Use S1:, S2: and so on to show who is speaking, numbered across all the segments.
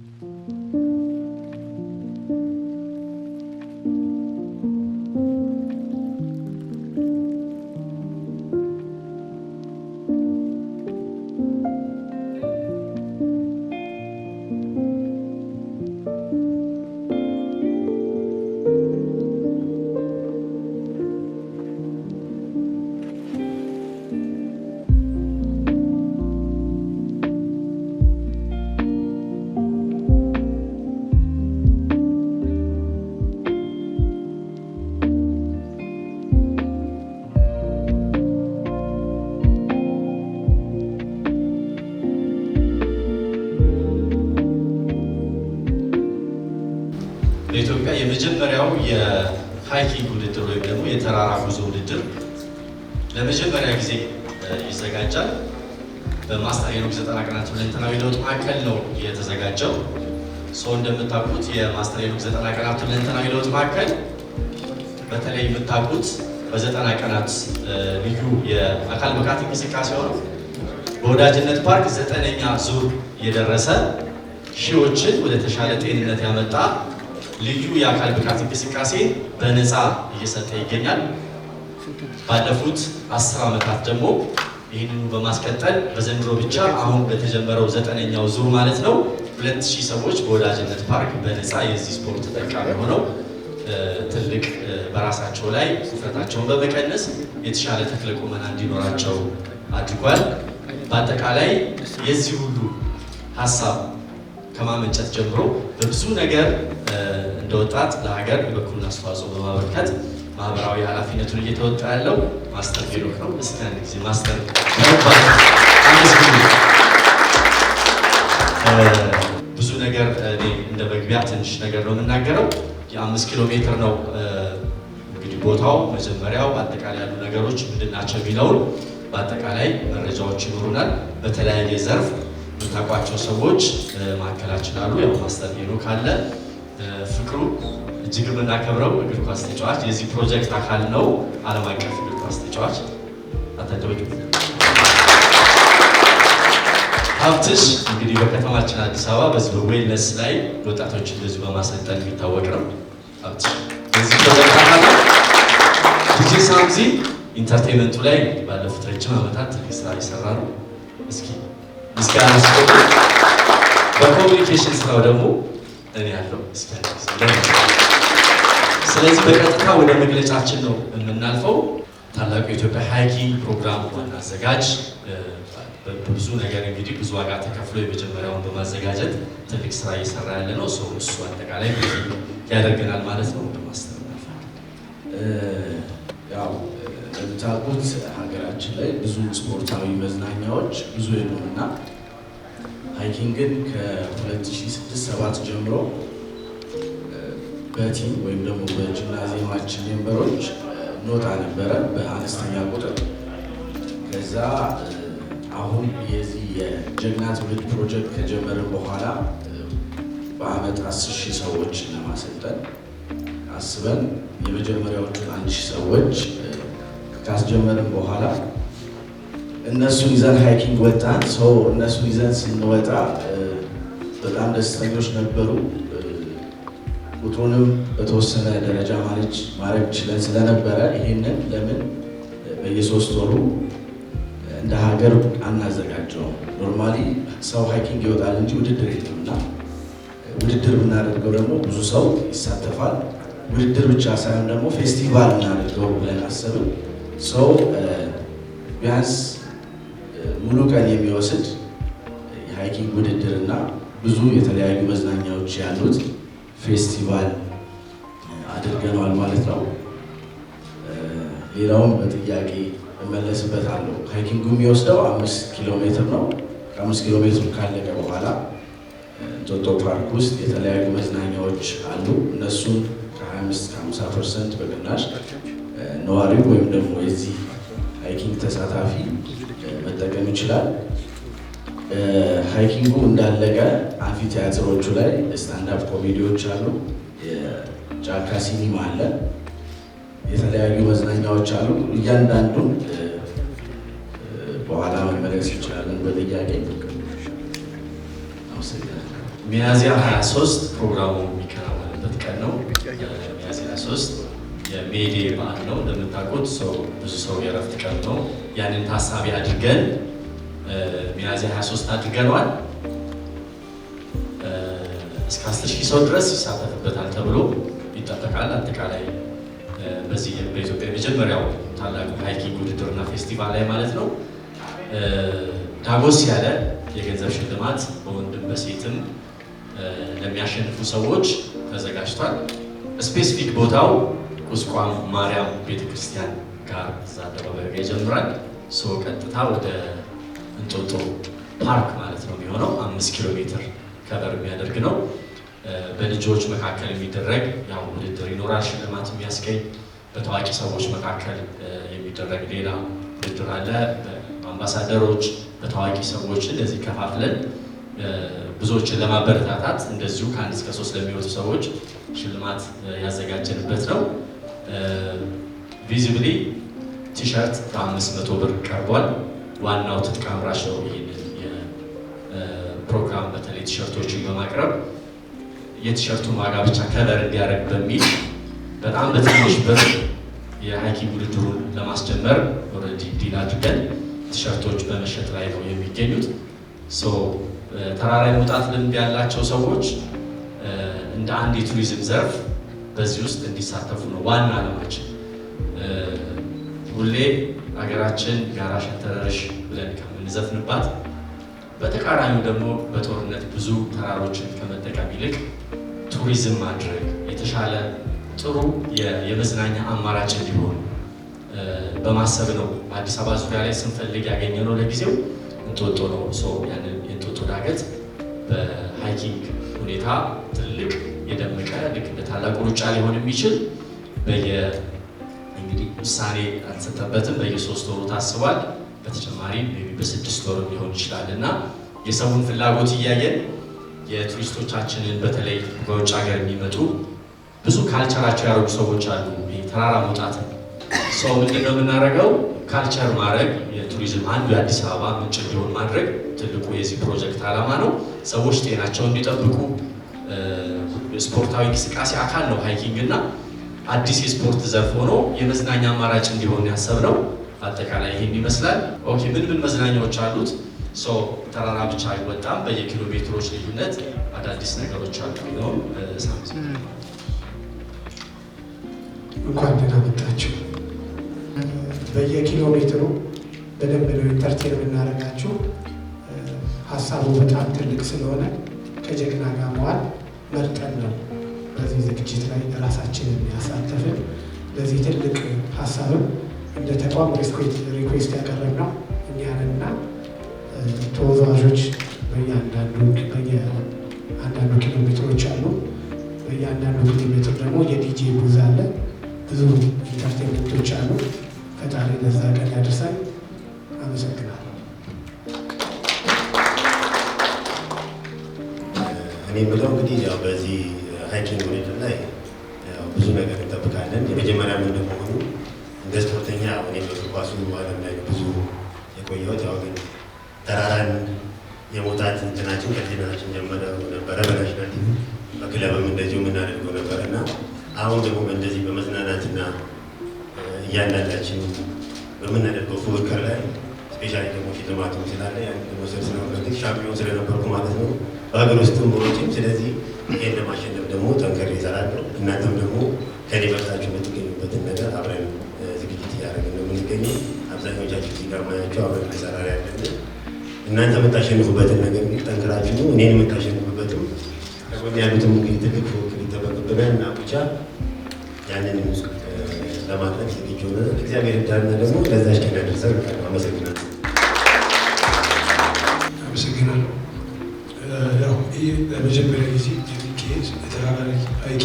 S1: Mm-hmm. ይዘጋጃል። በማስተር ሄኖክ ዘጠና ቀናት ሁለንተናዊ ለውጥ ማዕከል ነው የተዘጋጀው። ሰው እንደምታውቁት የማስተር ሄኖክ ዘጠና ቀናት ሁለንተናዊ ለውጥ ማዕከል በተለይ የምታውቁት በዘጠና ቀናት ልዩ የአካል ብቃት እንቅስቃሴ ሆኖ በወዳጅነት ፓርክ ዘጠነኛ ዙር የደረሰ ሺዎችን ወደ ተሻለ ጤንነት ያመጣ ልዩ የአካል ብቃት እንቅስቃሴ በነፃ እየሰጠ ይገኛል። ባለፉት አስር ዓመታት ደግሞ ይህንኑ በማስቀጠል በዘንድሮ ብቻ አሁን በተጀመረው ዘጠነኛው ዙር ማለት ነው ሁለት ሺህ ሰዎች በወዳጅነት ፓርክ በነፃ የዚህ ስፖርት ተጠቃሚ ሆነው ትልቅ በራሳቸው ላይ ውፍረታቸውን በመቀነስ የተሻለ ተክለ ቁመና እንዲኖራቸው አድርጓል። በአጠቃላይ የዚህ ሁሉ ሀሳብ ከማመንጨት ጀምሮ በብዙ ነገር እንደ ወጣት ለሀገር የበኩሉን አስተዋጽኦ በማበርከት ማህበራዊ ኃላፊነቱን እየተወጣ ያለው ማስተር ሄኖክ ነው። እስከን ጊዜ ማስተር ብዙ ነገር እንደ መግቢያ ትንሽ ነገር ነው የምናገረው። የአምስት ኪሎ ሜትር ነው እንግዲህ ቦታው መጀመሪያው አጠቃላይ ያሉ ነገሮች ምንድን ናቸው የሚለውን በአጠቃላይ መረጃዎች ይኖሩናል። በተለያየ ዘርፍ የምታውቋቸው ሰዎች ማከላችላሉ ያው ማስተር ሄኖክ አለ ፍቅሩ እጅግ የምናከብረው እግር ኳስ ተጫዋች የዚህ ፕሮጀክት አካል ነው። ዓለም አቀፍ እግር ኳስ ተጫዋች አታጀበጅ ሀብትሽ እንግዲህ በከተማችን አዲስ አበባ በዚህ በዌልነስ ላይ ወጣቶች በማሰልጠን የሚታወቅ ነው። በዚህ ፕሮጀክት ሳምዚ ኢንተርቴንመንቱ ላይ ባለፉት ረጅም ዓመታት ስራ ይሰራ ነው። እስኪ በኮሚኒኬሽን ስራው ደግሞ እኔ ያለው ስለዚህ በቀጥታ ወደ መግለጫችን ነው የምናልፈው። ታላቁ የኢትዮጵያ ሃይኪንግ ፕሮግራም ዋና አዘጋጅ በብዙ ነገር እንግዲህ ብዙ ዋጋ ተከፍሎ የመጀመሪያውን በማዘጋጀት ትልቅ ስራ እየሰራ ያለ ነው ሰው እሱ አጠቃላይ ያደርገናል ማለት ነው። ማስተላለፍ
S2: ያው እንደምታውቁት ሀገራችን ላይ ብዙ ስፖርታዊ መዝናኛዎች ብዙ የሉም ሃይኪንግን ከ2006/7 ጀምሮ በቲም ወይም ደግሞ በጂምናዚየማችን ሜምበሮች ኖታ ነበረ በአነስተኛ ቁጥር። ከዛ አሁን የዚህ የጀግና ትውልድ ፕሮጀክት ከጀመረ በኋላ በአመት 10 ሺህ ሰዎች ለማሰልጠን አስበን የመጀመሪያዎቹን አንድ ሺህ ሰዎች ካስጀመርን በኋላ እነሱን ይዘን ሃይኪንግ ወጣን። ሰው እነሱን ይዘን ስንወጣ በጣም ደስተኞች ነበሩ። ቁጥሩንም በተወሰነ ደረጃ ማለች ማድረግ ችለን ስለነበረ ይሄንን ለምን በየሶስት ወሩ እንደ ሀገር አናዘጋጀውም? ኖርማሊ ሰው ሃይኪንግ ይወጣል እንጂ ውድድር የለም እና ውድድር ብናደርገው ደግሞ ብዙ ሰው ይሳተፋል። ውድድር ብቻ ሳይሆን ደግሞ ፌስቲቫል እናደርገው ብለን አሰብን። ሰው ቢያንስ ሙሉ ቀን የሚወስድ የሃይኪንግ ውድድር እና ብዙ የተለያዩ መዝናኛዎች ያሉት ፌስቲቫል አድርገነዋል ማለት ነው። ሌላውም በጥያቄ እመለስበት አለው። ሃይኪንጉ የሚወስደው አምስት ኪሎ ሜትር ነው። ከአምስት ኪሎ ሜትር ካለቀ በኋላ እንጦጦ ፓርክ ውስጥ የተለያዩ መዝናኛዎች አሉ። እነሱን ከ25 ከ50 ፐርሰንት በቅናሽ ነዋሪው ወይም ደግሞ የዚህ ሃይኪንግ ተሳታፊ መጠቀም ይችላል። ሃይኪንጉ እንዳለቀ አፊ ቲያትሮቹ ላይ ስታንዳፕ ኮሜዲዎች አሉ፣ የጫካ ሲኒማ አለ፣ የተለያዩ መዝናኛዎች አሉ። እያንዳንዱን በኋላ መመለስ ይችላለን በጥያቄ
S1: ሚያዚያ 23 ፕሮግራሙ ሜይ በዓል ነው እንደምታውቁት፣ ሰው ብዙ ሰው የእረፍት ቀን ነው። ያንን ታሳቢ አድርገን ሚያዝያ 23 አድርገነዋል። እስከ 10 ሺህ ሰው ድረስ ይሳተፍበታል ተብሎ ይጠበቃል። አጠቃላይ በዚህ በኢትዮጵያ የመጀመሪያው ታላቁ ሃይኪንግ ውድድርና ፌስቲቫል ላይ ማለት ነው ዳጎስ ያለ የገንዘብ ሽልማት በወንድም በሴትም ለሚያሸንፉ ሰዎች ተዘጋጅቷል። ስፔሲፊክ ቦታው ቁስቋም ማርያም ቤተክርስቲያን ጋር እዛ አደባባይ ጋር ይጀምራል። ሶ ቀጥታ ወደ እንጦጦ ፓርክ ማለት ነው የሚሆነው አምስት ኪሎ ሜትር ከበር የሚያደርግ ነው። በልጆች መካከል የሚደረግ ያው ውድድር ይኖራል፣ ሽልማት የሚያስገኝ በታዋቂ ሰዎች መካከል የሚደረግ ሌላ ውድድር አለ። በአምባሳደሮች በታዋቂ ሰዎች እንደዚህ ከፋፍለን ብዙዎችን ለማበረታታት እንደዚሁ ከአንድ እስከ ሶስት ለሚወጡ ሰዎች ሽልማት ያዘጋጀንበት ነው። ቪዚብሊ ቲሸርት ከአምስት መቶ ብር ቀርቧል። ዋናው ትጥቅ አምራች ነው። ይህንን ፕሮግራም በተለይ ቲሸርቶችን በማቅረብ የቲሸርቱን ዋጋ ብቻ ከበር እንዲያደርግ በሚል በጣም በትንሽ ብር የሀይኪንግ ውድድሩን ለማስጀመር ኦልሬዲ ዲል አድርገን ቲሸርቶች በመሸጥ ላይ ነው የሚገኙት። ተራራ መውጣት ልምድ ያላቸው ሰዎች እንደ አንድ የቱሪዝም ዘርፍ በዚህ ውስጥ እንዲሳተፉ ነው ዋና ዓላማችን። ሁሌ ሀገራችን ጋራ ሸንተረርሽ ብለን ከምንዘፍንባት በተቃራኒው ደግሞ በጦርነት ብዙ ተራሮችን ከመጠቀም ይልቅ ቱሪዝም ማድረግ የተሻለ ጥሩ የመዝናኛ አማራጭ እንዲሆን በማሰብ ነው። አዲስ አበባ ዙሪያ ላይ ስንፈልግ ያገኘ ነው ለጊዜው እንጦጦ ነው። ሰው ያንን የእንጦጦ ዳገት በሃይኪንግ ሁኔታ ትልቅ ታላቁ ሩጫ ሊሆን የሚችል በየ እንግዲህ ውሳኔ አልተሰጠበትም። በየሶስት ወሩ ታስቧል። በተጨማሪም በስድስት ወሩ ሊሆን ይችላል እና የሰውን ፍላጎት እያየን የቱሪስቶቻችንን በተለይ በውጭ ሀገር የሚመጡ ብዙ ካልቸራቸው ያደረጉ ሰዎች አሉ። ተራራ መውጣት ሰው ምንድን ነው የምናደርገው? ካልቸር ማድረግ የቱሪዝም አንዱ የአዲስ አበባ ምንጭ እንዲሆን ማድረግ ትልቁ የዚህ ፕሮጀክት ዓላማ ነው። ሰዎች ጤናቸውን እንዲጠብቁ የስፖርታዊ እንቅስቃሴ አካል ነው ሃይኪንግ እና አዲስ የስፖርት ዘርፍ ሆኖ የመዝናኛ አማራጭ እንዲሆን ያሰብ ነው። አጠቃላይ ይሄም ይመስላል። ኦኬ ምን ምን መዝናኛዎች አሉት? ሰው ተራራ ብቻ አይወጣም። በየኪሎ ሜትሮች ልዩነት አዳዲስ
S3: ነገሮች አሉ ነው። እንኳን ደህና መጣችሁ። በየኪሎ ሜትሩ በደንብ ነው ኢንተርቴን የምናደርጋችሁ። ሀሳቡ በጣም ትልቅ ስለሆነ ከጀግና ጋር መዋል መርጠን ነው በዚህ ዝግጅት ላይ ራሳችንን ያሳተፍን። ለዚህ ትልቅ ሀሳብም እንደ ተቋም ሪኩዌስት ያቀረብነው እኛንና ተወዛዋዦች በየአንዳንዱ አንዳንዱ ኪሎ ሜትሮች አሉ። በየአንዳንዱ ኪሎ ሜትር ደግሞ የዲጄ ቡዝ አለ። ብዙ ኢንተርቴንመንቶች አሉ። ፈጣሪ ለዛ ቀን ያደርሳል። አመሰግናል።
S4: የሚለው እንግዲህ ያው በዚህ ሀይኪንግ ውድድር ላይ ብዙ ነገር እንጠብቃለን።
S1: የመጀመሪያ ምን እንደመሆኑ እንደ ስፖርተኛ እኔ በእግር ኳሱ ዓለም ላይ ብዙ የቆየሁት ያው ግን ተራራን የመውጣት እንትናችን ከዜናችን ጀመረ ነበረ። በናሽናል ቲም በክለብም እንደዚሁ የምናደርገው ነበር እና አሁን ደግሞ እንደዚህ በመዝናናትና
S4: እያንዳንዳችን በምናደርገው ፉክክር ላይ ስፔሻሊ ደግሞ ሽልማቱ ስላለ ያን ደግሞ ስር ሻምፒዮን ስለነበርኩ ማለት ነው በሀገር ውስጥም በውጭም። ስለዚህ ይህን ለማሸነፍ ደግሞ ጠንከር ይሰራሉ።
S1: እናንተም ደግሞ ከኔ በርታችሁ የምትገኙበትን ነገር አብረን ዝግጅት እያደረግን ነው የምንገኘው። አብዛኞቻችሁ እዚህ ጋር ማያቸው አብረን ሰራ ያለን እናንተ የምታሸንፉበትን ነገር ጠንክራችሁ ነው እኔን
S4: የምታሸንፉበትም ከጎን ያሉትም እንግዲህ ትልቅ ፉክክር ይጠበቅብናል እና ብቻ ያንን
S3: ለማድረግ ዝግጁ ሆነ እግዚአብሔር ዳና ደግሞ ለዛች ቀን ያደርሰን። አመሰግናለሁ። iyi dit, bence böyle bir il a été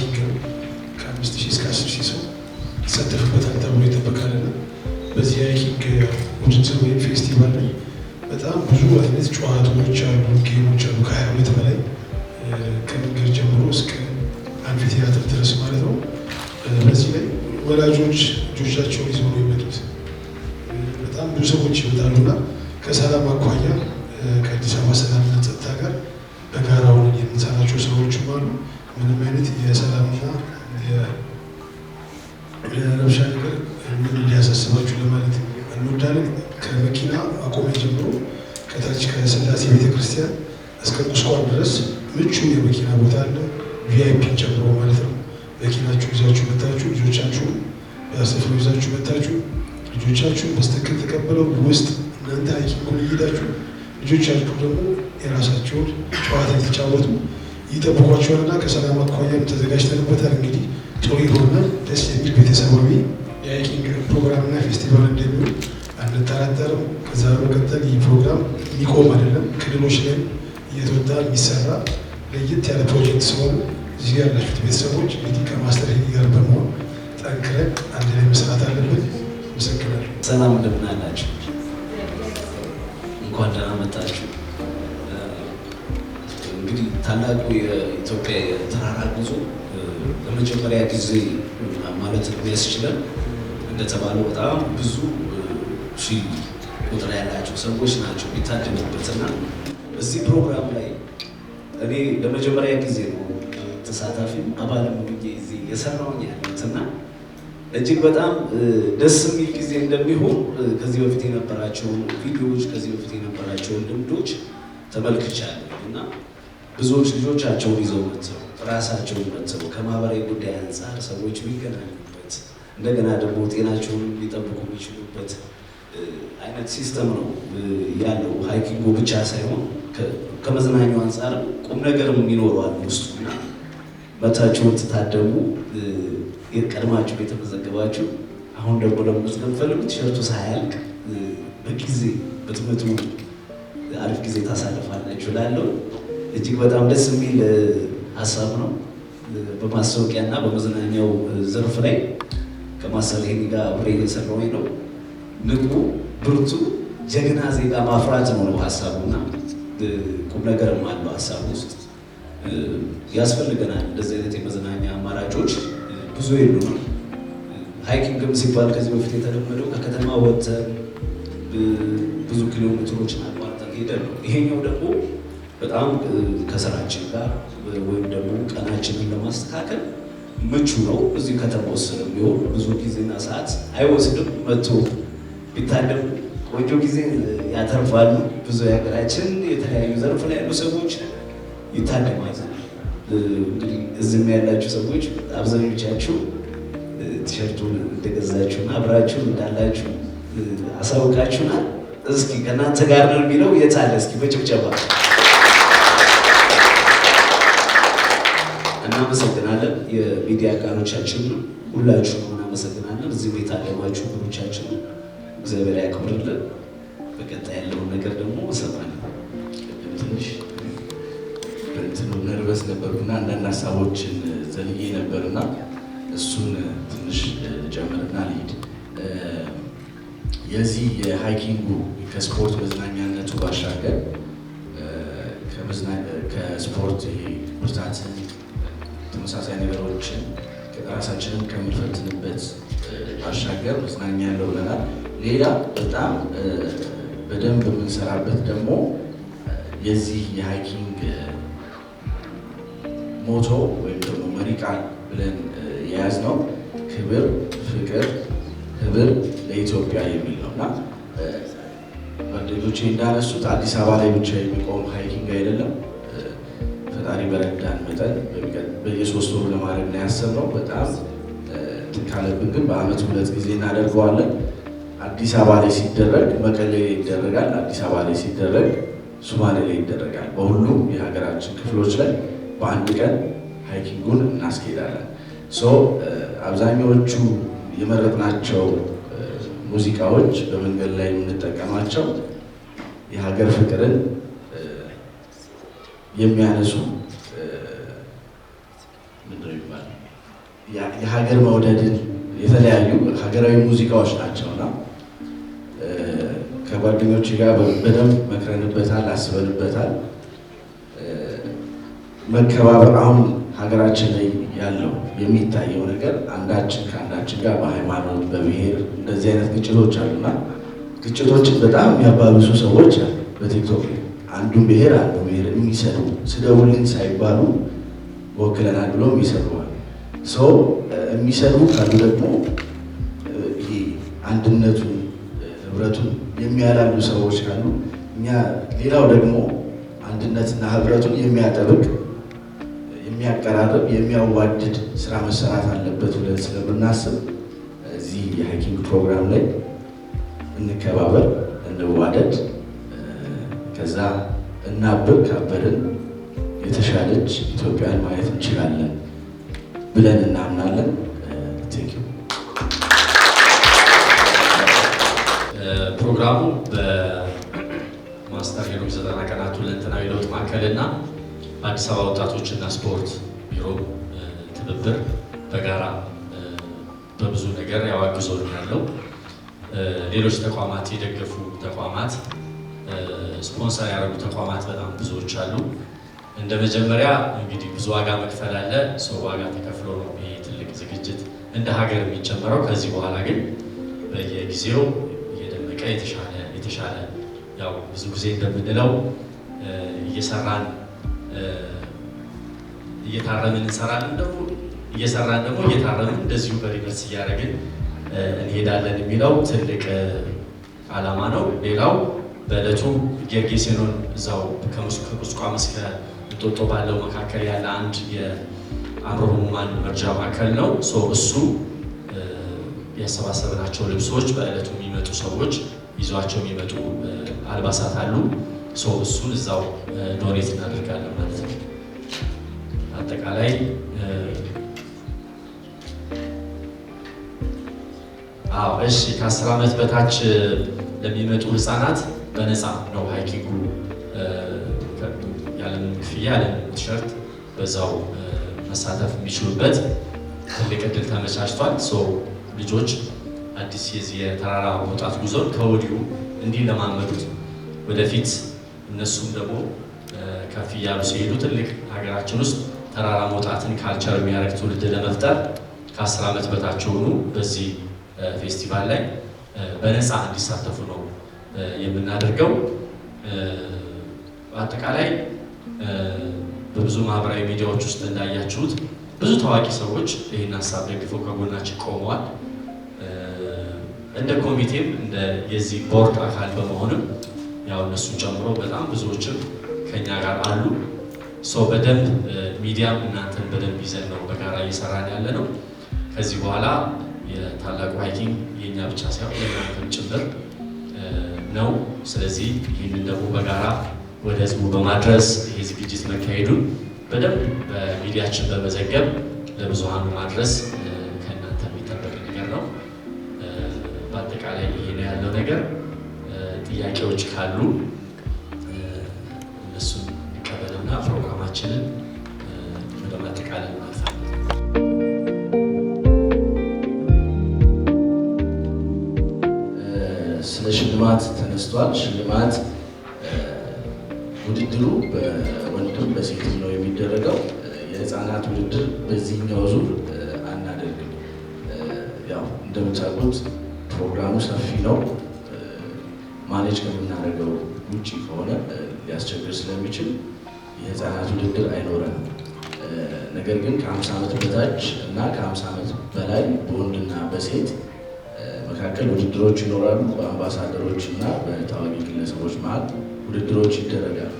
S3: መጨረሻ ነገር ምን እንዲያሳስባችሁ ለማለት እንወዳለን። ከመኪና ማቆሚያ ጀምሮ ከታች ከስላሴ ቤተክርስቲያን እስከ ቁስቋም ድረስ ምቹ የመኪና ቦታ አለ፣ ቪአይፒን ጨምሮ ማለት ነው። መኪናችሁ ይዛችሁ መታችሁ፣ ልጆቻችሁ በስፍራው ይዛችሁ መታችሁ፣ ልጆቻችሁን በስትክክል ተቀበለው ውስጥ እናንተ ሀይኪንጉን እየሄዳችሁ ልጆቻችሁ ደግሞ የራሳቸውን ጨዋታ የተጫወቱ ይጠብቋቸዋልና ከሰላም አኳያም ተዘጋጅተንበታል እንግዲህ ጥሩ የሆነ ደስ የሚል ቤተሰባዊ የሀይኪንግ ፕሮግራምና ፌስቲቫል እንደሚሆን አንጠራጠርም። ከዛ በመቀጠል ይህ ፕሮግራም የሚቆም አይደለም። ክልሎች ላይ እየተወጣ የሚሰራ ለየት ያለ ፕሮጀክት ስለሆነ እዚህ ያላችሁት ቤተሰቦች እንግዲህ ከማስተር ጋር በመሆን ጠንክረን አንድ ላይ መስራት አለብን። መሰግናለሁ። ሰላም እንደምን አላችሁ?
S4: እንኳን ደህና መጣችሁ። እንግዲህ ታላቁ የኢትዮጵያ የተራራ ጉዞ ለመጀመሪያ ጊዜ ማለት የሚያስችለን እንደተባለው በጣም ብዙ ሺህ ቁጥር ያላቸው ሰዎች ናቸው የሚታደሙበትና እዚህ ፕሮግራም ላይ እኔ ለመጀመሪያ ጊዜ ነው ተሳታፊ አባል ጊዜ የሰራውን ያለትና እጅግ በጣም ደስ የሚል ጊዜ እንደሚሆን ከዚህ በፊት የነበራቸውን ቪዲዮዎች ከዚህ በፊት የነበራቸውን ልምዶች ተመልክቻለሁ እና ብዙዎች ልጆቻቸውን ይዘው መጥተው ራሳቸውን መጥተው ከማህበራዊ ጉዳይ አንጻር ሰዎች የሚገናኙበት እንደገና ደግሞ ጤናቸውን ሊጠብቁ የሚችሉበት አይነት ሲስተም ነው ያለው። ሀይኪንጉ ብቻ ሳይሆን ከመዝናኛው አንጻር ቁም ነገርም ይኖረዋል ውስጡ እና መታችሁን ትታደሙ። የቀድማችሁ የተመዘገባችሁ አሁን ደግሞ ለመመዝገብ ቲሸርቱ ሳያልቅ በጊዜ በትምህርቱ አሪፍ ጊዜ ታሳልፋለች ላለው እጅግ በጣም ደስ የሚል ሀሳብ ነው። በማስታወቂያ እና በመዝናኛው ዘርፍ ላይ ከማሰልሄኒ ጋር አብሬ የሰራሁኝ ነው። ንቁ፣ ብርቱ፣ ጀግና ዜጋ ማፍራት ነው ነው ሀሳቡ ሀሳቡና ቁም ነገርም አለው ሀሳቡ ውስጥ ያስፈልገናል። እንደዚህ አይነት የመዝናኛ አማራጮች ብዙ የሉ ነው። ሀይኪንግም ሲባል ከዚህ በፊት የተለመደው ከከተማ ወጥተን ብዙ ኪሎ ሜትሮችን አቋርጠን ሄደን ነው። ይሄኛው ደግሞ በጣም ከስራችን ጋር ወይም ደግሞ ቀናችንን ለማስተካከል ምቹ ነው። እዚህ ውስጥ ቢሆን ብዙ ጊዜና ሰዓት አይወስድም። መቶ ቢታደም ቆንጆ ጊዜ ያተርፋሉ። ብዙ የሀገራችን የተለያዩ ዘርፍ ላይ ያሉ ሰዎች ይታደማል። እንግዲህ እዚህም ያላችሁ ሰዎች አብዛኞቻችሁ ቲሸርቱን እንደገዛችሁና አብራችሁ እንዳላችሁ አሳውቃችሁናል። እስኪ ከእናንተ ጋር ነው የሚለው የት አለ? እስኪ በጭብጨባ እናመሰግናለን። የሚዲያ አጋሮቻችን ሁላችሁ እናመሰግናለን። እዚህ ቤት አለማችሁ ብሮቻችን እግዚአብሔር ያክብርልን። በቀጣይ ያለውን ነገር ደግሞ ሰማን። ትንሽ በእንትኑ ነርቨስ
S2: ነበርኩና አንዳንድ ሀሳቦችን ዘልዬ ነበርና እሱን ትንሽ ጨምርና ልሂድ። የዚህ የሃይኪንጉ ከስፖርት መዝናኛነቱ ባሻገር ከስፖርት ብርታት ተመሳሳይ ነገሮችን ራሳችንን ከምንፈትንበት ባሻገር መጽናኛ ያለው ብለናል። ሌላ በጣም በደንብ የምንሰራበት ደግሞ የዚህ የሃይኪንግ ሞቶ ወይም ደግሞ መሪ ቃል ብለን የያዝ ነው ክብር፣ ፍቅር፣ ህብር ለኢትዮጵያ የሚል ነው እና ጓደኞቼ እንዳነሱት አዲስ አበባ ላይ ብቻ የሚቆም ሃይኪንግ አይደለም። ፈጣሪ በረዳን መጠን በሚቀ በየሶስት ወሩ ለማድረግ ነው ያሰብነው። በጣም ትካለብን ግን በአመት ሁለት ጊዜ እናደርገዋለን። አዲስ አበባ ላይ ሲደረግ መቀሌ ላይ ይደረጋል። አዲስ አበባ ላይ ሲደረግ ሱማሌ ላይ ይደረጋል። በሁሉም የሀገራችን ክፍሎች ላይ በአንድ ቀን ሃይኪንጉን እናስኬዳለን። አብዛኛዎቹ የመረጥናቸው ሙዚቃዎች በመንገድ ላይ የምንጠቀማቸው የሀገር ፍቅርን የሚያነሱ የሀገር መውደድን የተለያዩ ሀገራዊ ሙዚቃዎች ናቸውና ከጓደኞች ጋር በደንብ መክረንበታል፣ አስበንበታል። መከባበር አሁን ሀገራችን ላይ ያለው የሚታየው ነገር አንዳችን ከአንዳችን ጋር በሃይማኖት በብሔር እንደዚህ አይነት ግጭቶች አሉና ግጭቶችን በጣም የሚያባብሱ ሰዎች አሉ። በቲክቶክ አንዱን ብሔር አንዱ ብሔር የሚሰሩ ስደቡልን ሳይባሉ ወክለናል ብሎ ይሰሩዋል። ሰው የሚሰሩ ካሉ ደግሞ ይሄ አንድነቱን ህብረቱን የሚያላሉ ሰዎች ካሉ እኛ ሌላው ደግሞ አንድነትና ህብረቱን የሚያጠብቅ የሚያቀራርብ የሚያዋድድ ስራ መሰራት አለበት ብለን ስለምናስብ እዚህ የሀኪንግ ፕሮግራም ላይ እንከባበር፣ እንዋደድ፣ ከዛ እናብብ። ካበድን የተሻለች ኢትዮጵያን ማየት እንችላለን። ብለን እናምናለን።
S1: ፕሮግራሙ በማስተር ሌሎች ዘጠና ቀናት ሁለንተናዊ ለውጥ ማዕከልና አዲስ አበባ ወጣቶችና ስፖርት ቢሮ ትብብር በጋራ በብዙ ነገር ያዋግዞን ያለው ሌሎች ተቋማት የደገፉ ተቋማት ስፖንሰር ያደረጉ ተቋማት በጣም ብዙዎች አሉ። እንደ መጀመሪያ እንግዲህ ብዙ ዋጋ መክፈል አለ። ሰው ዋጋ ተከፍሎ ነው ይህ ትልቅ ዝግጅት እንደ ሀገር የሚጀመረው። ከዚህ በኋላ ግን በየጊዜው እየደመቀ የተሻለ የተሻለ ያው ብዙ ጊዜ እንደምንለው እየሰራን እየታረምን እንሰራለን ደግሞ እየሰራን ደግሞ እየታረምን እንደዚሁ በሪቨርስ እያደረግን እንሄዳለን የሚለው ትልቅ ዓላማ ነው። ሌላው በእለቱ ጌርጌሴኖን እዛው ከቁስቋም እስከ እንጦጦ ባለው መካከል ያለ አንድ የአእምሮ መርጃ ማዕከል ነው። እሱ ያሰባሰብናቸው ልብሶች በእለቱ የሚመጡ ሰዎች ይዟቸው የሚመጡ አልባሳት አሉ። እሱን እዛው ዶኔት እናደርጋለን ማለት ነው። አጠቃላይ እሺ ከአስር ዓመት በታች ለሚመጡ ህፃናት በነፃ ነው ሀይኪንጉ ክፍያ ቲሸርት በዛው መሳተፍ የሚችሉበት ትልቅ እድል ተመቻችቷል። ልጆች አዲስ የዚህ የተራራ መውጣት ጉዞን ከወዲሁ እንዲለማመዱት ወደፊት እነሱም ደግሞ ከፍ እያሉ ሲሄዱ ትልቅ ሀገራችን ውስጥ ተራራ መውጣትን ካልቸር የሚያደርግ ትውልድ ለመፍጠር ከአስር ዓመት በታች የሆኑ በዚህ ፌስቲቫል ላይ በነፃ እንዲሳተፉ ነው የምናደርገው። በአጠቃላይ በብዙ ማህበራዊ ሚዲያዎች ውስጥ እንዳያችሁት ብዙ ታዋቂ ሰዎች ይህን ሀሳብ ደግፈው ከጎናችን ቆመዋል። እንደ ኮሚቴም እንደ የዚህ ቦርድ አካል በመሆንም ያው እነሱን ጨምሮ በጣም ብዙዎችም ከኛ ጋር አሉ። ሰው በደንብ ሚዲያም እናንተን በደንብ ይዘን ነው በጋራ እየሰራን ያለ ነው። ከዚህ በኋላ የታላቁ ሀይኪንግ የእኛ ብቻ ሳይሆን የእናንተም ጭምር ነው። ስለዚህ ይህንን ደግሞ በጋራ ወደ ህዝቡ በማድረስ ይህ ዝግጅት መካሄዱን በደንብ በሚዲያችን በመዘገብ ለብዙሀኑ ማድረስ ከእናንተ የሚጠበቅ ነገር ነው። በአጠቃላይ ይሄ ነው ያለው ነገር። ጥያቄዎች ካሉ እነሱን እንቀበልና ፕሮግራማችንን ወደ ማጠቃለል
S2: ስለ ሽልማት ተነስቷል። ሽልማት ውድድሩ በወንድም በሴትም ነው የሚደረገው። የህፃናት ውድድር በዚህኛው ዙር አናደርግም። ያው እንደምታውቁት ፕሮግራሙ ሰፊ ነው። ማኔጅ ከምናደርገው ውጭ ከሆነ ሊያስቸግር ስለሚችል የህፃናት ውድድር አይኖረንም። ነገር ግን ከ ዓመት በታች እና ከ ዓመት በላይ በወንድና በሴት መካከል ውድድሮች ይኖራሉ። በአምባሳደሮች እና በታዋቂ ግለሰቦች መሀል ውድድሮች ይደረጋል።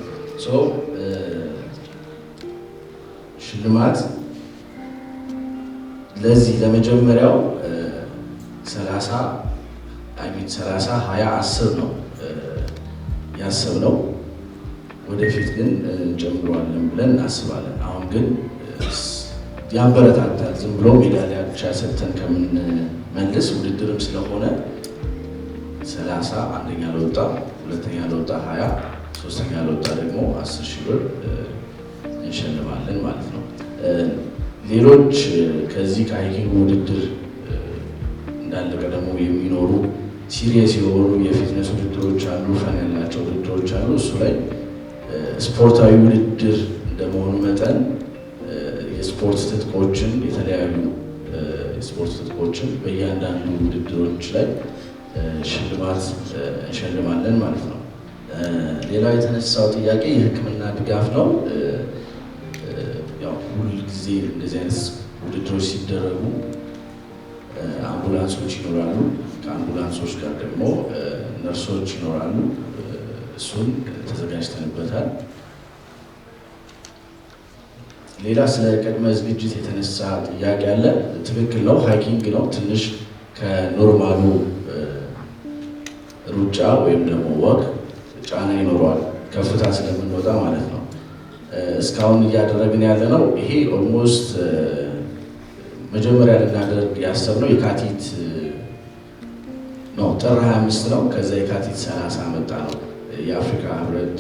S2: ሽልማት ለዚህ ለመጀመሪያው ሰላሳ አይሚን ሰላሳ ሀያ አስር ነው ያሰብነው። ወደፊት ግን እንጨምረዋለን ብለን እናስባለን። አሁን ግን ያበረታታል። ዝም ብሎ ሜዳሊያ ብቻ ሰጥተን ከምንመልስ ውድድርም ስለሆነ ሰላሳ አንደኛ ለወጣ ሁለተኛ ለውጣ ሀያ ሶስተኛ ለውጣ ደግሞ አስር ሺህ ብር እንሸልማለን ማለት ነው። ሌሎች ከዚህ ከሀይኪንግ ውድድር እንዳለቀ ደግሞ የሚኖሩ ሲሪየስ የሆኑ የፊትነስ ውድድሮች አሉ፣ ፈን ያላቸው ውድድሮች አሉ። እሱ ላይ ስፖርታዊ ውድድር እንደመሆኑ መጠን የስፖርት ትጥቆችን የተለያዩ ስፖርት ትጥቆችን በእያንዳንዱ ውድድሮች ላይ ሽልማት እንሸልማለን ማለት ነው። ሌላው የተነሳው ጥያቄ የሕክምና ድጋፍ ነው። ሁል ጊዜ እንደዚህ አይነት ውድድሮች ሲደረጉ አምቡላንሶች ይኖራሉ። ከአምቡላንሶች ጋር ደግሞ ነርሶች ይኖራሉ። እሱን ተዘጋጅተንበታል። ሌላ ስለ ቅድመ ዝግጅት የተነሳ ጥያቄ አለ። ትክክል ነው። ሃይኪንግ ነው ትንሽ ከኖርማሉ ሩጫ ወይም ደግሞ ወግ ጫና ይኖረዋል፣ ከፍታ ስለምንወጣ ማለት ነው። እስካሁን እያደረግን ያለ ነው ይሄ ኦልሞስት መጀመሪያ ልናደርግ ያሰብነው የካቲት ነው፣ ጥር 25 ነው። ከዛ የካቲት 30 መጣ ነው የአፍሪካ ህብረት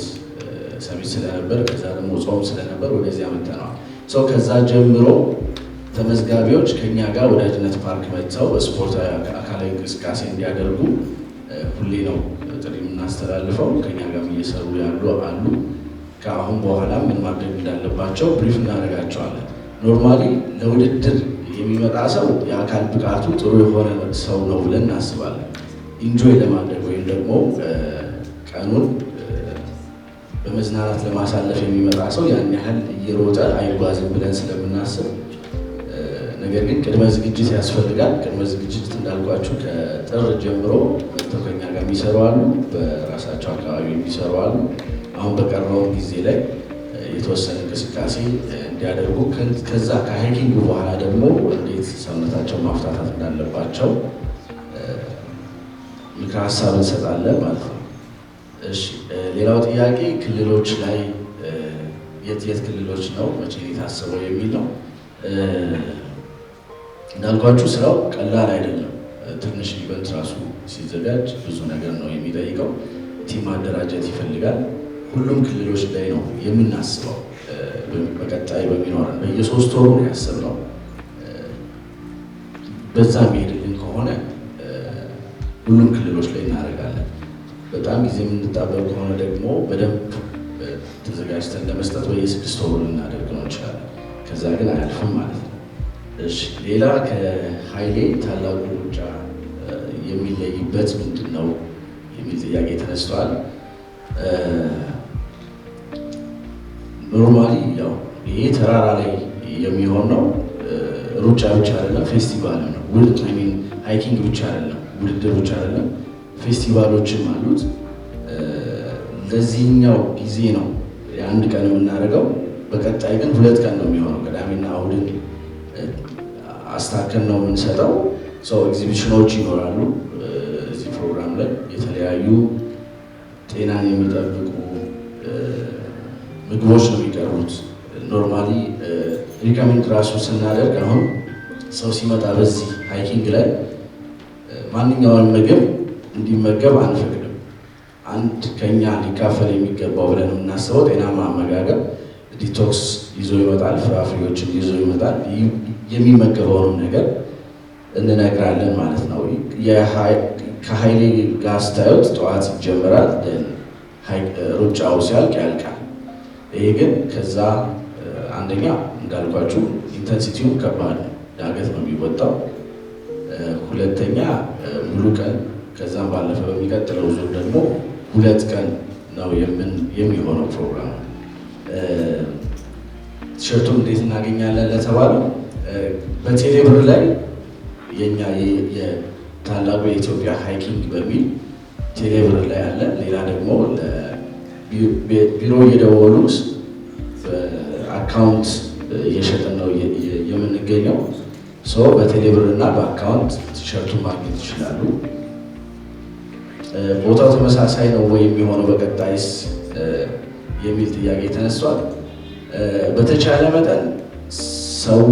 S2: ሰሚት ስለነበር ከዛ ደግሞ ጾም ስለነበር ወደዚህ መጥተነዋል። ሰው ከዛ ጀምሮ ተመዝጋቢዎች ከኛ ጋር ወዳጅነት ፓርክ መጥተው በስፖርት አካላዊ እንቅስቃሴ እንዲያደርጉ ሁሌ ነው ጥሪ የምናስተላልፈው። ከኛ ጋር እየሰሩ ያሉ አሉ። ከአሁን በኋላ ምን ማድረግ እንዳለባቸው ብሪፍ እናደርጋቸዋለን። ኖርማሊ ለውድድር የሚመጣ ሰው የአካል ብቃቱ ጥሩ የሆነ ሰው ነው ብለን እናስባለን። ኢንጆይ ለማድረግ ወይም ደግሞ ቀኑን በመዝናናት ለማሳለፍ የሚመጣ ሰው ያን ያህል እየሮጠ አይጓዝም ብለን ስለምናስብ፣ ነገር ግን ቅድመ ዝግጅት ያስፈልጋል። ቅድመ ዝግጅት እንዳልኳችሁ ከጥር ጀምሮ ተከፍተው ከኛ ጋር የሚሰሩ አሉ፣ በራሳቸው አካባቢ የሚሰሩ አሉ። አሁን በቀረው ጊዜ ላይ የተወሰነ እንቅስቃሴ እንዲያደርጉ ከዛ ከሀይኪንግ በኋላ ደግሞ እንዴት ሰውነታቸውን ማፍታታት እንዳለባቸው ምክር ሀሳብ እንሰጣለን ማለት ነው። እሺ ሌላው ጥያቄ ክልሎች ላይ የት የት ክልሎች ነው መቼ የታሰበው የሚል ነው። እንዳልኳችሁ ስራው ቀላል አይደለም። ትንሽ ኢቨንት ራሱ ሲዘጋጅ ብዙ ነገር ነው የሚጠይቀው። ቲም ማደራጀት ይፈልጋል። ሁሉም ክልሎች ላይ ነው የምናስበው። በቀጣይ በሚኖረን በየሶስት ወሩ ነው ያሰብነው። በዛ መሄድልን ከሆነ ሁሉም ክልሎች ላይ እናደርጋለን። በጣም ጊዜ የምንጣበብ ከሆነ ደግሞ በደንብ ተዘጋጅተን ለመስጠት የስድስት ወሩ ልናደርግ ነው እንችላለን። ከዛ ግን አያልፍም ማለት ነው። እሺ ሌላ ከሀይሌ ታላቁ ሩጫ የሚለይበት ምንድን ነው የሚል ጥያቄ ተነስቷል። ኖርማሊ ያው ይሄ ተራራ ላይ የሚሆን ነው። ሩጫ ብቻ አይደለም፣ ፌስቲቫል ነው። ሚን ሃይኪንግ ብቻ አይደለም፣ ውድድር ብቻ አይደለም፣ ፌስቲቫሎችም አሉት። ለዚህኛው ጊዜ ነው አንድ ቀን የምናደርገው። በቀጣይ ግን ሁለት ቀን ነው የሚሆነው። ቅዳሜና እሑድን አስታከን ነው የምንሰጠው። ሰው ኤግዚቢሽኖች ይኖራሉ። እዚህ ፕሮግራም ላይ የተለያዩ ጤናን የሚጠብቁ ምግቦች ነው የሚቀርቡት። ኖርማሊ ሪከሜንድ ራሱ ስናደርግ አሁን ሰው ሲመጣ በዚህ ሃይኪንግ ላይ ማንኛውንም ምግብ እንዲመገብ አንፈቅድም። አንድ ከኛ ሊካፈል የሚገባው ብለን የምናስበው ጤናማ አመጋገብ ዲቶክስ ይዞ ይመጣል፣ ፍራፍሬዎችን ይዞ ይመጣል። የሚመገበውንም ነገር እንነግራለን ማለት ነው። ከሀይሌ ጋር ስታዩት ጠዋት ይጀምራል፣ ሩጫው ሲያልቅ ያልቃል። ይሄ ግን ከዛ አንደኛ እንዳልኳችሁ ኢንተንሲቲው ከባድ ነው፣ ዳገት ነው የሚወጣው። ሁለተኛ ሙሉ ቀን ከዛም ባለፈ በሚቀጥለው ዙር ደግሞ ሁለት ቀን ነው የሚሆነው ፕሮግራም። ቲሸርቱን እንዴት እናገኛለን ለተባለው በቴሌብር ላይ የኛ ታላቁ የኢትዮጵያ ሃይኪንግ በሚል ቴሌብር ላይ አለ። ሌላ ደግሞ ቢሮ እየደወሉ አካውንት እየሸጥን ነው የምንገኘው። ሰው በቴሌብር እና በአካውንት ቲሸርቱ ማግኘት ይችላሉ። ቦታው ተመሳሳይ ነው ወይ የሚሆነው በቀጣይስ የሚል ጥያቄ ተነስቷል። በተቻለ መጠን ሰው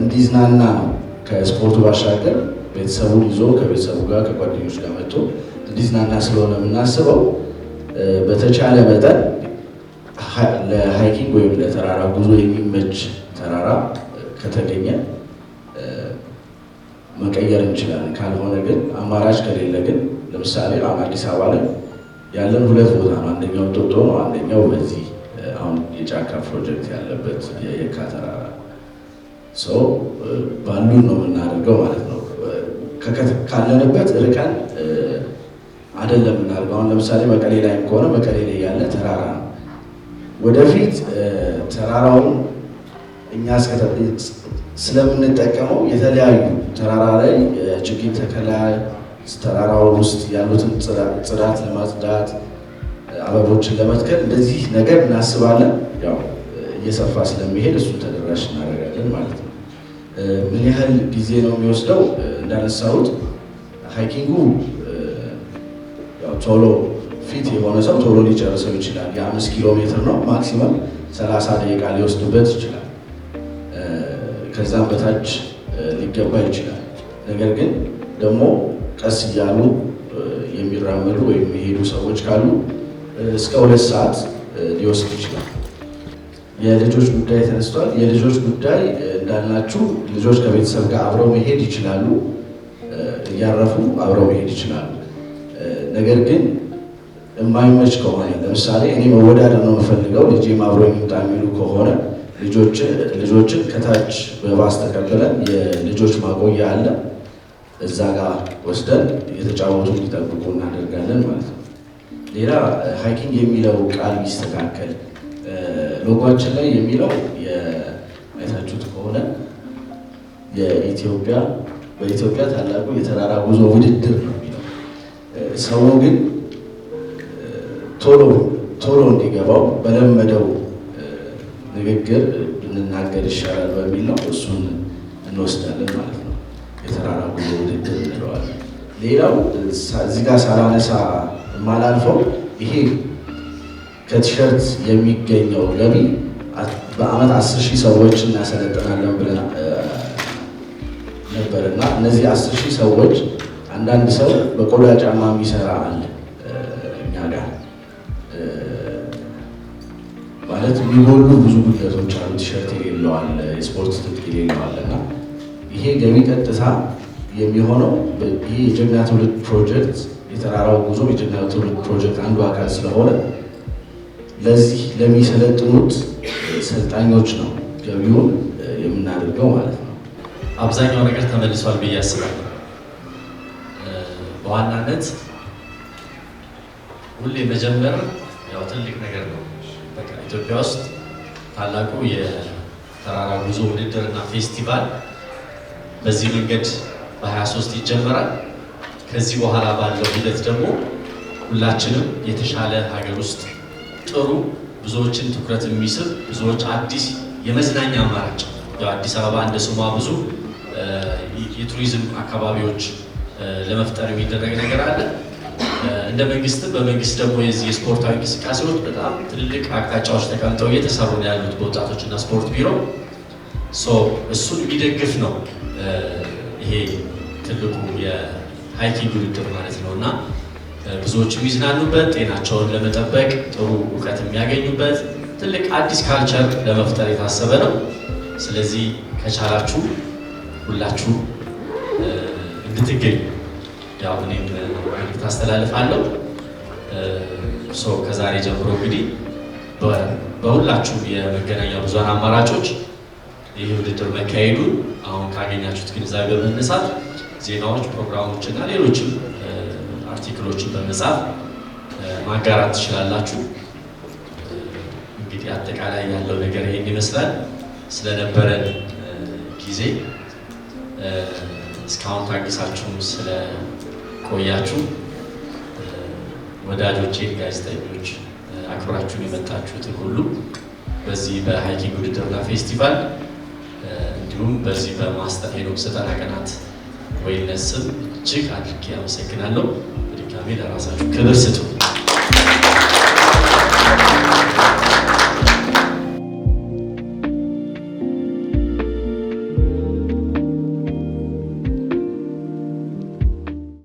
S2: እንዲዝናና ነው ከስፖርቱ ባሻገር ቤተሰቡን ይዞ ከቤተሰቡ ጋር ከጓደኞች ጋር መጥቶ እንዲዝናና ስለሆነ የምናስበው በተቻለ መጠን ለሃይኪንግ ወይም ለተራራ ጉዞ የሚመች ተራራ ከተገኘ መቀየር እንችላለን። ካልሆነ ግን አማራጭ ከሌለ ግን ለምሳሌ አሁን አዲስ አበባ ላይ ያለን ሁለት ቦታ ነው። አንደኛው ጦጦ ነው። አንደኛው በዚህ አሁን የጫካ ፕሮጀክት ያለበት የየካ ተራራ ሰው ባሉ ነው የምናደርገው ማለት ነው። ካለንበት ርቀን አይደለም የምናደርገው። አሁን ለምሳሌ መቀሌ ላይም ከሆነ መቀሌ ላይ ያለ ተራራ ነው። ወደፊት ተራራውን እኛ ስለምንጠቀመው የተለያዩ ተራራ ላይ ችግኝ ተከላ፣ ተራራው ውስጥ ያሉትን ጽዳት ለማጽዳት፣ አበቦችን ለመትከል እንደዚህ ነገር እናስባለን። ያው እየሰፋ ስለሚሄድ እሱ ተደራሽ እናደርጋለን። እንችላለን ማለት ነው። ምን ያህል ጊዜ ነው የሚወስደው? እንዳነሳሁት ሃይኪንጉ ቶሎ ፊት የሆነ ሰው ቶሎ ሊጨርሰው ይችላል። የአምስት ኪሎ ሜትር ነው ማክሲመም ሰላሳ ደቂቃ ሊወስድበት ይችላል። ከዛም በታች ሊገባ ይችላል። ነገር ግን ደግሞ ቀስ እያሉ የሚራመዱ ወይም የሚሄዱ ሰዎች ካሉ እስከ ሁለት ሰዓት ሊወስድ ይችላል። የልጆች ጉዳይ ተነስቷል። የልጆች ጉዳይ እንዳላችሁ ልጆች ከቤተሰብ ጋር አብረው መሄድ ይችላሉ፣ እያረፉ አብረው መሄድ ይችላሉ። ነገር ግን የማይመች ከሆነ ለምሳሌ እኔ መወዳደር ነው የምፈልገው ልጄም አብሮ የሚምጣ የሚሉ ከሆነ ልጆችን ከታች በባስ ተቀብለን የልጆች ማቆያ አለ እዛ ጋር ወስደን እየተጫወቱ እንዲጠብቁ እናደርጋለን ማለት ነው። ሌላ ሀይኪንግ የሚለው ቃል ይስተካከል። ሎጓችን ላይ የሚለው የአይታችሁት ከሆነ የኢትዮጵያ በኢትዮጵያ ታላቁ የተራራ ጉዞ ውድድር ነው የሚለው። ሰው ግን ቶሎ ቶሎ እንዲገባው በለመደው ንግግር ብንናገር ይሻላል በሚል ነው እሱን እንወስዳለን ማለት ነው። የተራራ ጉዞ ውድድር እንለዋለን። ሌላው እዚህ ጋር ሳላነሳ የማላልፈው ይሄ ከቲሸርት የሚገኘው ገቢ በአመት አስር ሺህ ሰዎች እናሰለጥናለን ብለን ነበር እና እነዚህ አስር ሺህ ሰዎች አንዳንድ ሰው በቆዳ ጫማ የሚሰራ አለ እኛ ጋር ማለት የሚጎሉ ብዙ ጉድለቶች አሉ። ቲሸርት የሌለዋል፣ የስፖርት ትጥቅ የሌለዋል እና ይሄ ገቢ ቀጥታ የሚሆነው ይህ የጀግና ትውልድ ፕሮጀክት የተራራው ጉዞ የጀግና ትውልድ ፕሮጀክት አንዱ አካል ስለሆነ ለዚህ ለሚሰለጥኑት ሰልጣኞች ነው ገቢውን የምናደርገው ማለት ነው። አብዛኛው ነገር ተመልሷል ብዬ አስባለሁ።
S1: በዋናነት ሁሌ መጀመር ያው ትልቅ ነገር ነው። በቃ ኢትዮጵያ ውስጥ ታላቁ የተራራ ጉዞ ውድድር እና ፌስቲቫል በዚህ መንገድ በ23 ይጀመራል። ከዚህ በኋላ ባለው ሂደት ደግሞ ሁላችንም የተሻለ ሀገር ውስጥ ጥሩ፣ ብዙዎችን ትኩረት የሚስብ ብዙዎች አዲስ የመዝናኛ አማራጭ አዲስ አበባ እንደ ስሟ ብዙ የቱሪዝም አካባቢዎች ለመፍጠር የሚደረግ ነገር አለ። እንደ መንግስት በመንግስት ደግሞ የዚህ የስፖርታዊ እንቅስቃሴዎች በጣም ትልልቅ አቅጣጫዎች ተቀምጠው እየተሰሩ ነው ያሉት በወጣቶችና ስፖርት ቢሮ እሱን የሚደግፍ ነው ይሄ ትልቁ የሃይኪንግ ውድድር ማለት ነው እና ብዙዎች የሚዝናኑበት፣ ጤናቸውን ለመጠበቅ ጥሩ እውቀት የሚያገኙበት ትልቅ አዲስ ካልቸር ለመፍጠር የታሰበ ነው። ስለዚህ ከቻላችሁ ሁላችሁ እንድትገኙ ያው እኔም መልዕክት አስተላልፋለሁ። ሰው ከዛሬ ጀምሮ እንግዲህ በሁላችሁ የመገናኛ ብዙሃን አማራጮች ይህ ውድድር መካሄዱ አሁን ካገኛችሁት ግንዛቤ በመነሳት ዜናዎች፣ ፕሮግራሞች እና ሌሎችም አርቲክሎችን በመጻፍ ማጋራት ትችላላችሁ። እንግዲህ አጠቃላይ ያለው ነገር ይህን ይመስላል። ስለነበረን ጊዜ እስካሁን ታግሳችሁም ስለቆያችሁ ወዳጆቼ፣ ጋዜጠኞች አክብራችሁን የመጣችሁትን ሁሉ በዚህ በሃይኪንግ ውድድርና ፌስቲቫል እንዲሁም በዚህ በማስተር ሄኖክ ስልጠና ቀናት ወይነት ስም እጅግ አድርጌ አመሰግናለሁ። ለእግዚአብሔር ለራሳችሁ ክብር ስጡ።